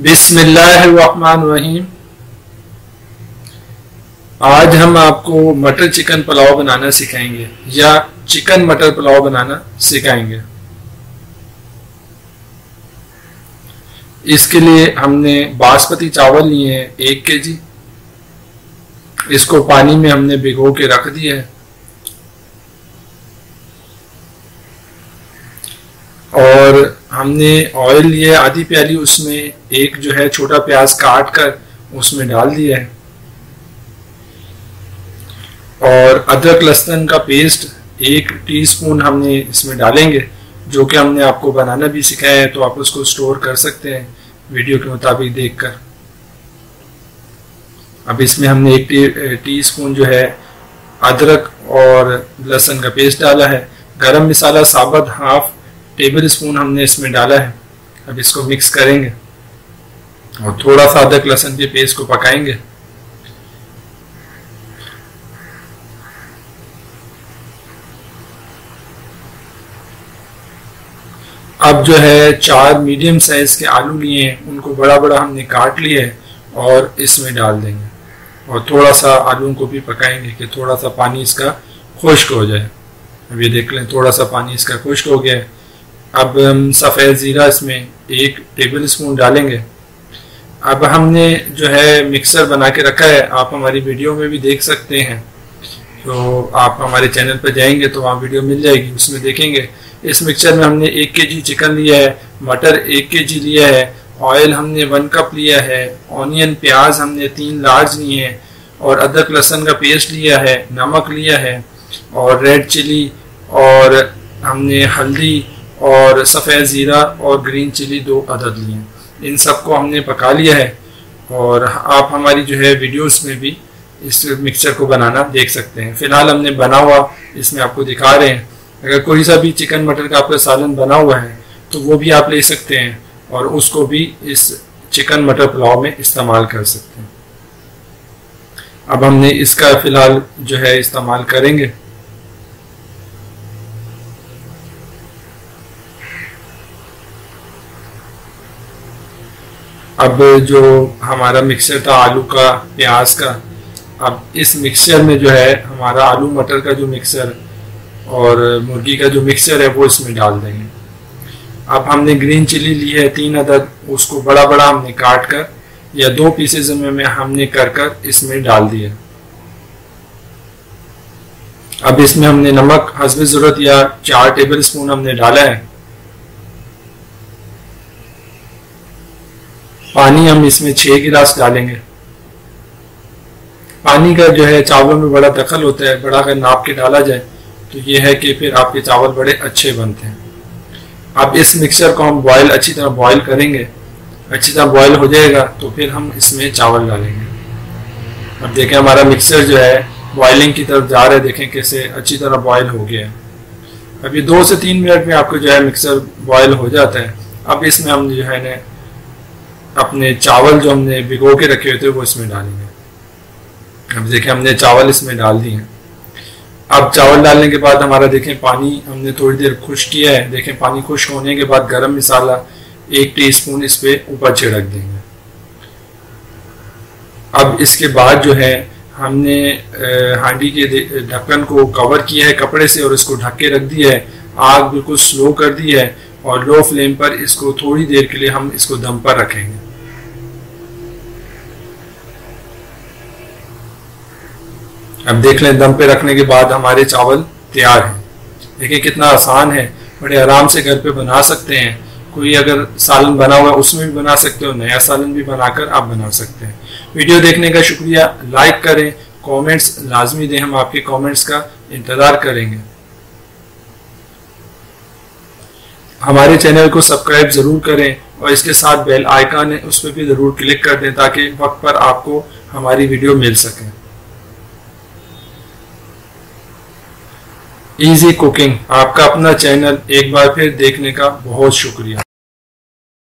बिस्मिल्लाहिर्रहमानिर्रहीम आज हम आपको मटर चिकन पुलाव बनाना सिखाएंगे या चिकन मटर पुलाव बनाना सिखाएंगे इसके लिए हमने बासमती चावल लिए हैं एक के जी इसको पानी में हमने भिगो के रख दिया है और हमने ऑयल ये आधी प्याली उसमें एक जो है छोटा प्याज काट कर उसमें डाल दिया है और अदरक लहसुन का पेस्ट एक टीस्पून हमने इसमें डालेंगे जो कि हमने आपको बनाना भी सिखाया है तो आप उसको स्टोर कर सकते हैं वीडियो के मुताबिक देखकर अब इसमें हमने एक टी, स्पून जो है अदरक और लहसुन का पेस्ट डाला है गरम मसाला साबत हाफ टेबल स्पून हमने इसमें डाला है अब इसको मिक्स करेंगे और थोड़ा सा अदरक लहसन के पेस्ट को पकाएंगे अब जो है चार मीडियम साइज के आलू लिए हैं उनको बड़ा बड़ा हमने काट लिए है और इसमें डाल देंगे और थोड़ा सा आलू को भी पकाएंगे कि थोड़ा सा पानी इसका खुश्क हो जाए अब ये देख लें थोड़ा सा पानी इसका खुश्क हो गया है अब हम सफ़ेद ज़ीरा इसमें एक टेबल स्पून डालेंगे अब हमने जो है मिक्सर बना के रखा है आप हमारी वीडियो में भी देख सकते हैं तो आप हमारे चैनल पर जाएंगे तो वहाँ वीडियो मिल जाएगी उसमें देखेंगे इस मिक्सचर में हमने एक के जी चिकन लिया है मटर एक के जी लिया है ऑयल हमने वन कप लिया है ऑनियन प्याज हमने तीन लार्ज लिए हैं और अदरक लहसन का पेस्ट लिया है नमक लिया है और रेड चिली और हमने हल्दी और सफ़ेद ज़ीरा और ग्रीन चिली दो अदद लिए इन सब को हमने पका लिया है और आप हमारी जो है वीडियोस में भी इस मिक्सचर को बनाना देख सकते हैं फ़िलहाल हमने बना हुआ इसमें आपको दिखा रहे हैं अगर कोई सा भी चिकन मटर का आपका सालन बना हुआ है तो वो भी आप ले सकते हैं और उसको भी इस चिकन मटर पुलाव में इस्तेमाल कर सकते हैं अब हमने इसका फ़िलहाल जो है इस्तेमाल करेंगे अब जो हमारा मिक्सर था आलू का प्याज का अब इस मिक्सचर में जो है हमारा आलू मटर का जो मिक्सर और मुर्गी का जो मिक्सर है वो इसमें डाल देंगे अब हमने ग्रीन चिली ली है तीन अदद उसको बड़ा बड़ा हमने काट कर या दो पीसेज में हमने कर कर इसमें डाल दिया अब इसमें हमने नमक हजब ज़रूरत या चार टेबल स्पून हमने डाला है पानी हम इसमें छः गिलास डालेंगे पानी का जो है चावलों में बड़ा दखल होता है बड़ा अगर नाप के डाला जाए तो ये है कि फिर आपके चावल बड़े अच्छे बनते हैं अब इस मिक्सचर को हम बॉयल अच्छी तरह बॉयल करेंगे अच्छी तरह बॉयल हो जाएगा तो फिर हम इसमें चावल डालेंगे अब देखें हमारा मिक्सचर जो है बॉयलिंग की तरफ जा रहा है देखें कैसे अच्छी तरह बॉयल हो गया है अभी दो से तीन मिनट में आपको जो है मिक्सर बॉयल हो जाता है अब इसमें हम जो है ना अपने चावल जो हमने भिगो के रखे हुए थे वो इसमें डालेंगे अब देखें हमने चावल इसमें डाल दिए हैं अब चावल डालने के बाद हमारा देखें पानी हमने थोड़ी देर खुश किया है देखें पानी खुश होने के बाद गरम मसाला एक टीस्पून इस पर ऊपर छिड़क देंगे अब इसके बाद जो है हमने हांडी के ढक्कन को कवर किया है कपड़े से और इसको ढक के रख दिया है आग बिल्कुल स्लो कर दी है और लो फ्लेम पर इसको थोड़ी देर के लिए हम इसको दम पर रखेंगे अब देख लें दम पे रखने के बाद हमारे चावल तैयार हैं देखिए कितना आसान है बड़े आराम से घर पे बना सकते हैं कोई अगर सालन बना हुआ है उसमें भी बना सकते हो नया सालन भी बनाकर आप बना सकते हैं वीडियो देखने का शुक्रिया लाइक करें कमेंट्स लाजमी दें हम आपके कमेंट्स का इंतज़ार करेंगे हमारे चैनल को सब्सक्राइब ज़रूर करें और इसके साथ बेल आइकन है उस पर भी ज़रूर क्लिक कर दें ताकि वक्त पर आपको हमारी वीडियो मिल सके इजी कुकिंग आपका अपना चैनल एक बार फिर देखने का बहुत शुक्रिया